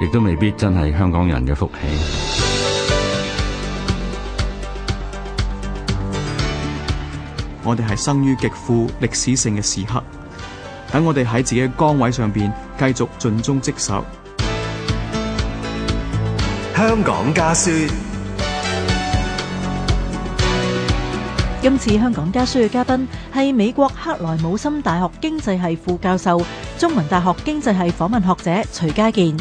亦都未必真係香港人嘅福氣。我哋係生於極富歷史性嘅時刻，等我哋喺自己嘅崗位上邊繼續盡忠職守。香港家書。今次香港家書嘅嘉賓係美國克萊姆森大學經濟系副教授、中文大學經濟系訪問學者徐家健。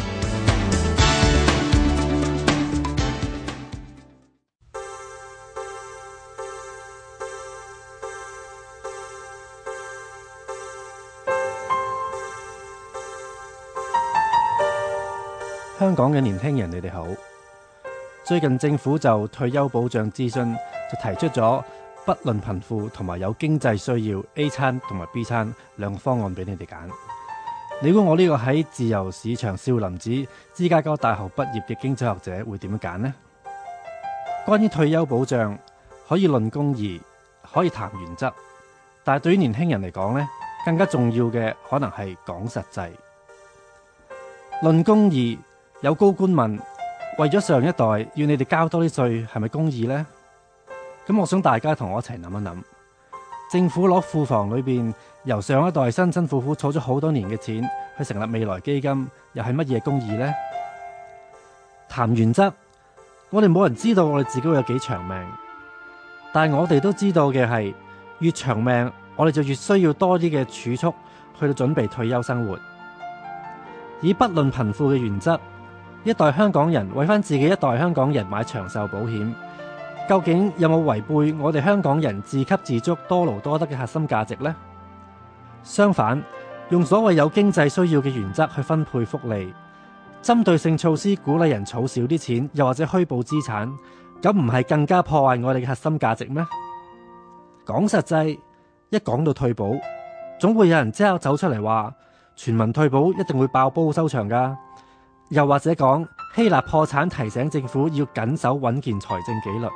香港嘅年輕人，你哋好。最近政府就退休保障諮詢就提出咗不論貧富同埋有經濟需要，A 餐同埋 B 餐兩個方案俾你哋揀。你估我呢個喺自由市場少林寺、芝加哥大學畢業嘅經濟學者會點樣揀呢？關於退休保障，可以論公義，可以談原則，但係對於年輕人嚟講呢，更加重要嘅可能係講實際。論公義。有高官問：「為咗上一代要你哋交多啲稅，係咪公義呢？」咁我想大家同我一齊諗一諗，政府攞庫房裏邊由上一代辛辛苦苦儲咗好多年嘅錢去成立未來基金，又係乜嘢公義呢？談原則，我哋冇人知道我哋自己會有幾長命，但係我哋都知道嘅係，越長命我哋就越需要多啲嘅儲蓄去到準備退休生活。以不論貧富嘅原則。一代香港人為翻自己一代香港人買長壽保險，究竟有冇違背我哋香港人自給自足、多勞多得嘅核心價值呢？相反，用所謂有經濟需要嘅原則去分配福利，針對性措施鼓勵人儲少啲錢，又或者虛報資產，咁唔係更加破壞我哋嘅核心價值咩？講實際，一講到退保，總會有人即刻走出嚟話全民退保一定會爆煲收場㗎。又或者講，希臘破產提醒政府要緊守穩健財政紀律，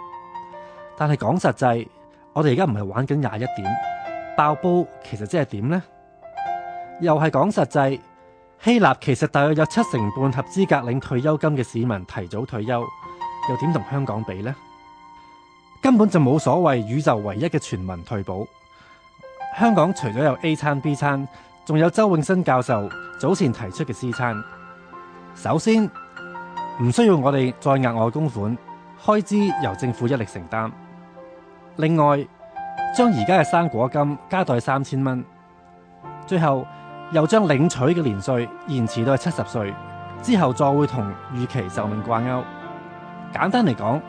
但係講實際，我哋而家唔係玩緊廿一點爆煲，其實即係點呢？又係講實際，希臘其實大約有七成半合資格領退休金嘅市民提早退休，又點同香港比呢？根本就冇所謂宇宙唯一嘅全民退保。香港除咗有 A 餐、B 餐，仲有周永新教授早前提出嘅 C 餐。首先唔需要我哋再額外供款，開支由政府一力承擔。另外，將而家嘅生果金加到三千蚊。最後又將領取嘅年歲延遲到七十歲，之後再會同預期壽命掛鈎。簡單嚟講，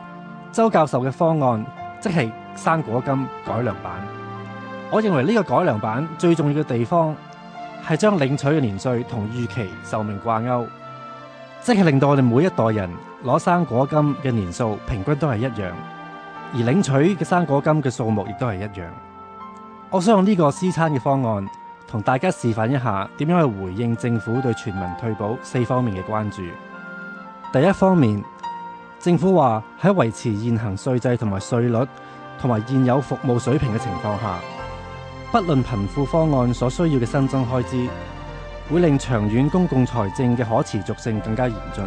周教授嘅方案即係生果金改良版。我認為呢個改良版最重要嘅地方係將領取嘅年歲同預期壽命掛鈎。即係令到我哋每一代人攞生果金嘅年數平均都係一樣，而領取嘅生果金嘅數目亦都係一樣。我想用呢個私餐嘅方案同大家示範一下，點樣去回應政府對全民退保四方面嘅關注。第一方面，政府話喺維持現行稅制同埋稅率同埋現有服務水平嘅情況下，不論貧富方案所需要嘅新增開支，會令長遠公共財政嘅可持續性更加嚴峻，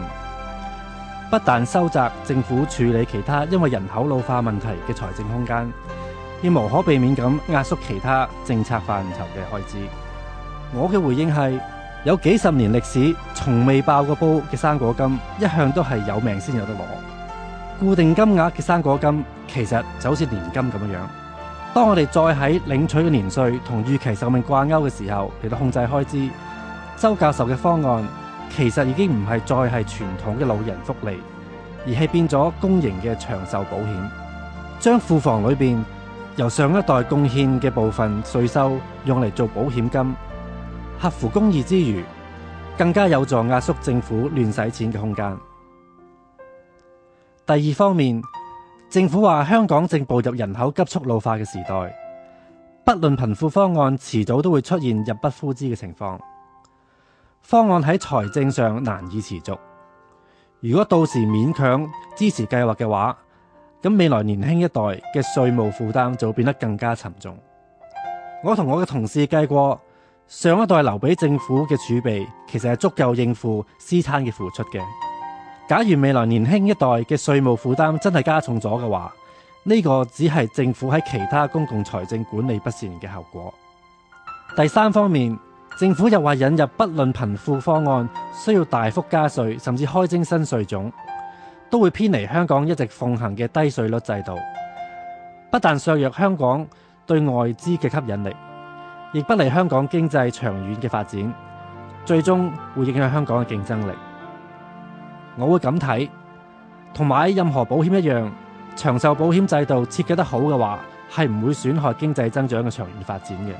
不但收窄政府處理其他因為人口老化問題嘅財政空間，亦無可避免咁壓縮其他政策範疇嘅開支。我嘅回應係有幾十年歷史，從未爆過煲嘅生果金，一向都係有命先有得攞。固定金額嘅生果金其實就好似年金咁樣。當我哋再喺領取嘅年歲同預期壽命掛鈎嘅時候，嚟到控制開支。周教授嘅方案其實已經唔係再係傳統嘅老人福利，而係變咗公營嘅長壽保險，將庫房裏邊由上一代貢獻嘅部分稅收用嚟做保險金，合乎公義之餘，更加有助壓縮政府亂使錢嘅空間。第二方面，政府話香港正步入人口急速老化嘅時代，不論貧富方案，遲早都會出現入不敷支嘅情況。方案喺財政上難以持續，如果到時勉強支持計劃嘅話，咁未來年輕一代嘅稅務負擔就會變得更加沉重。我同我嘅同事計過，上一代留俾政府嘅儲備其實係足夠應付私餐嘅付出嘅。假如未來年輕一代嘅稅務負擔真係加重咗嘅話，呢個只係政府喺其他公共財政管理不善嘅後果。第三方面。政府又話引入不論貧富方案，需要大幅加稅，甚至開徵新稅種，都會偏離香港一直奉行嘅低稅率制度，不但削弱香港對外資嘅吸引力，亦不利香港經濟長遠嘅發展，最終會影響香港嘅競爭力。我會咁睇，同買任何保險一樣，長壽保險制度設計得好嘅話，係唔會損害經濟增長嘅長遠發展嘅。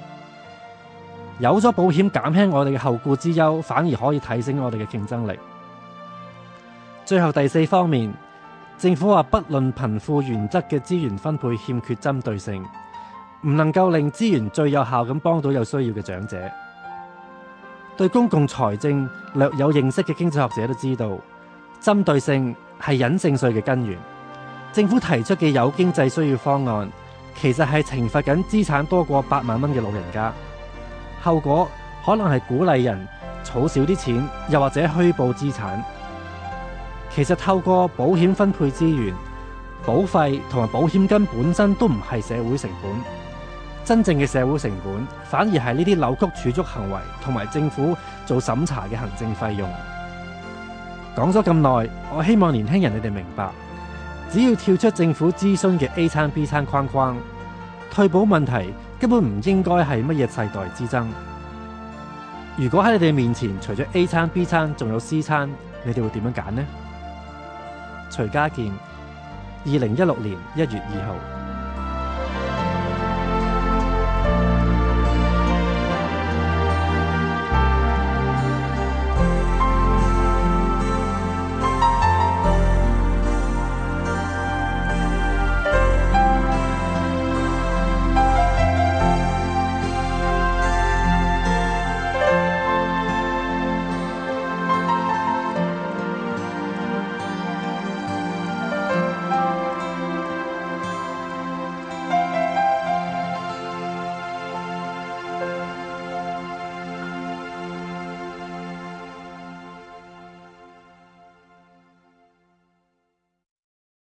有咗保險，減輕我哋嘅後顧之憂，反而可以提升我哋嘅競爭力。最後第四方面，政府話不論貧富原則嘅資源分配欠缺針對性，唔能夠令資源最有效咁幫到有需要嘅長者。對公共財政略有認識嘅經濟學者都知道，針對性係隱性稅嘅根源。政府提出嘅有經濟需要方案，其實係懲罰緊資產多過八萬蚊嘅老人家。後果可能係鼓勵人儲少啲錢，又或者虛報資產。其實透過保險分配資源，保費同埋保險金本身都唔係社會成本。真正嘅社會成本，反而係呢啲扭曲儲蓄行為同埋政府做審查嘅行政費用。講咗咁耐，我希望年輕人你哋明白，只要跳出政府諮詢嘅 A 餐 B 餐框框，退保問題。根本唔應該係乜嘢世代之爭。如果喺你哋面前除咗 A 餐、B 餐，仲有 C 餐，你哋會點樣揀呢？徐家健，二零一六年一月二號。